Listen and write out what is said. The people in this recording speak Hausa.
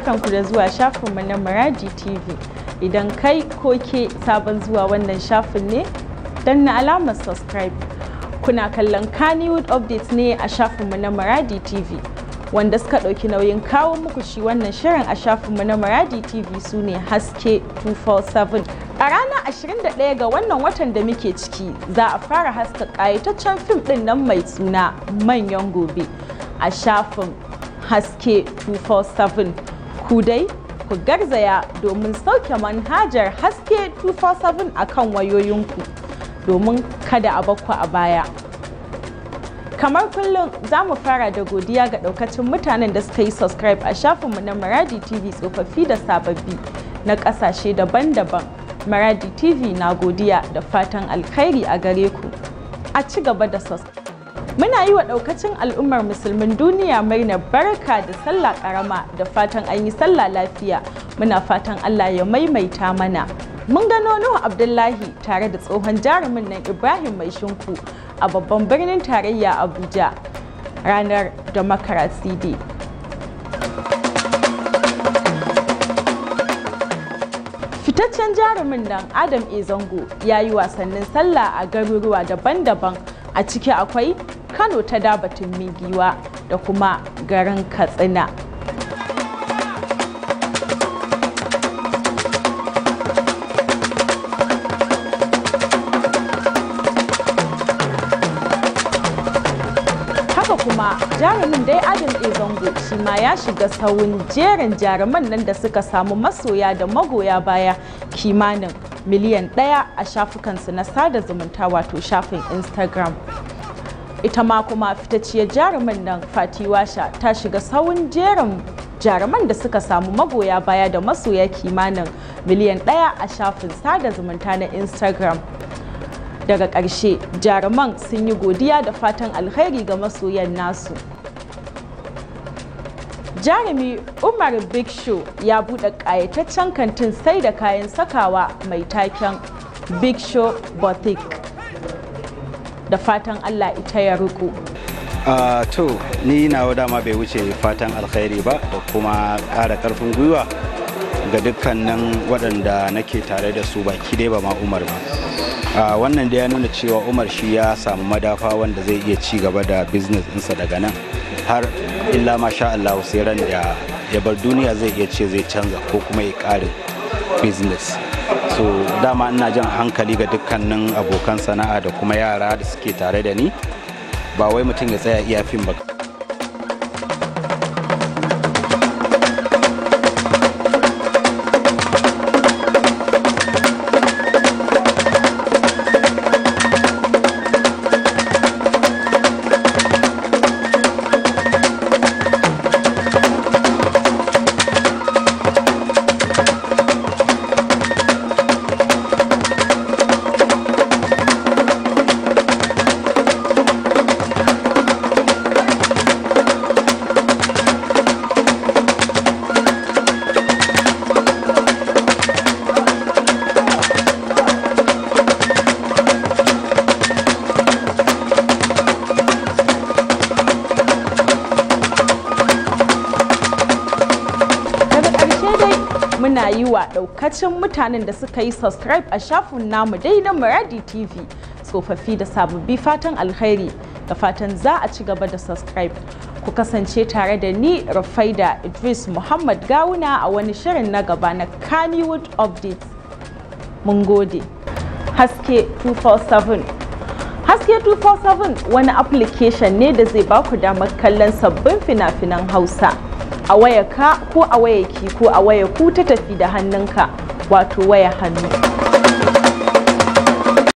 ku da zuwa shafin shafinmu na Maraji TV. Idan kai ko ke sabon zuwa wannan shafin ne, dan na alamar subscribe. Kuna kallon Kannywood Updates ne a shafin shafinmu na Maradi TV. Wanda suka ɗauki nauyin kawo muku shi wannan shirin a shafin shafinmu na Maradi TV su ne Haske 247. A ranar 21 ga wannan watan da muke ciki za a fara haska ƙayataccen fim ɗin nan mai suna manyan gobe a shafin haske 247 Ku ku garzaya domin sauke manhajar haske 247 a kan wayoyinku domin kada a bakku a baya. Kamar kullum za mu fara da godiya ga ɗaukacin mutanen da suka yi subscribe a shafinmu na Maradi TV tsofaffi da sababbi na ƙasashe daban-daban. Maradi TV na godiya da fatan alkhairi a gare ku. A ci gaba da subscribe. Muna yi wa ɗaukacin al'ummar musulmin duniya murnar baraka da sallah ƙarama da fatan an yi sallah lafiya. Muna fatan Allah ya maimaita mana. Mun gano Nuhu Abdullahi tare da tsohon jarumin nan Ibrahim Mai Shinku a babban birnin tarayya Abuja ranar Democracy Day. Fitaccen jarumin nan Adam Ezango ya yi wasannin sallah a garuruwa daban-daban a ciki akwai kano ta dabatun migiwa da kuma garin katsina haka kuma jarumin dai adam zango shi ma ya shiga saurin jerin jaruman nan da suka samu masoya da magoya baya kimanin miliyan ɗaya a shafukansu na sada zumunta wato shafin instagram ita ma kuma fitacciyar jaruman nan fati washa ta shiga sawun jerin jaruman da suka samu magoya baya da masoya kimanin miliyan ɗaya a shafin sada zumunta na instagram daga ƙarshe jaruman sun yi godiya da fatan alheri ga masoyan nasu jarumi umar big show ya buɗe ƙayataccen kantin sai da kayan sakawa mai taken big show boutique da fatan Allah ita ya ruku. Uh, to ni nawa dama bai wuce fatan alkhairi ba da kuma kara karfin gwiwa ga dukkanin waɗanda nake tare da su baki dai ba ma umar ba uh, wannan dai ya nuna cewa umar shi ya samu madafa wanda zai iya ci gaba da business insa daga nan har illa masha Allah sai ran da ya bar duniya zai iya ce zai canza ko kuma ya ƙare business. so dama ina jan hankali ga dukkanin abokan sana'a da kuma yara da suke tare da ni ba wai mutum ya tsaya iya fim ba muna yi wa ɗaukacin mutanen da suka yi subscribe a shafin namu dai na Muradi TV tsofaffi da sababbi fatan alkhairi da fatan za a ci gaba da subscribe ku kasance tare da ni Rafaida Idris Muhammad Gawuna a wani shirin na gaba na Kannywood Updates mun gode haske 247 Haske 247 wani application ne da zai baku damar kallon sabbin fina-finan Hausa. a waya ka ko a wayarki ko a waya ku ta tafi da hannunka wato waya hannu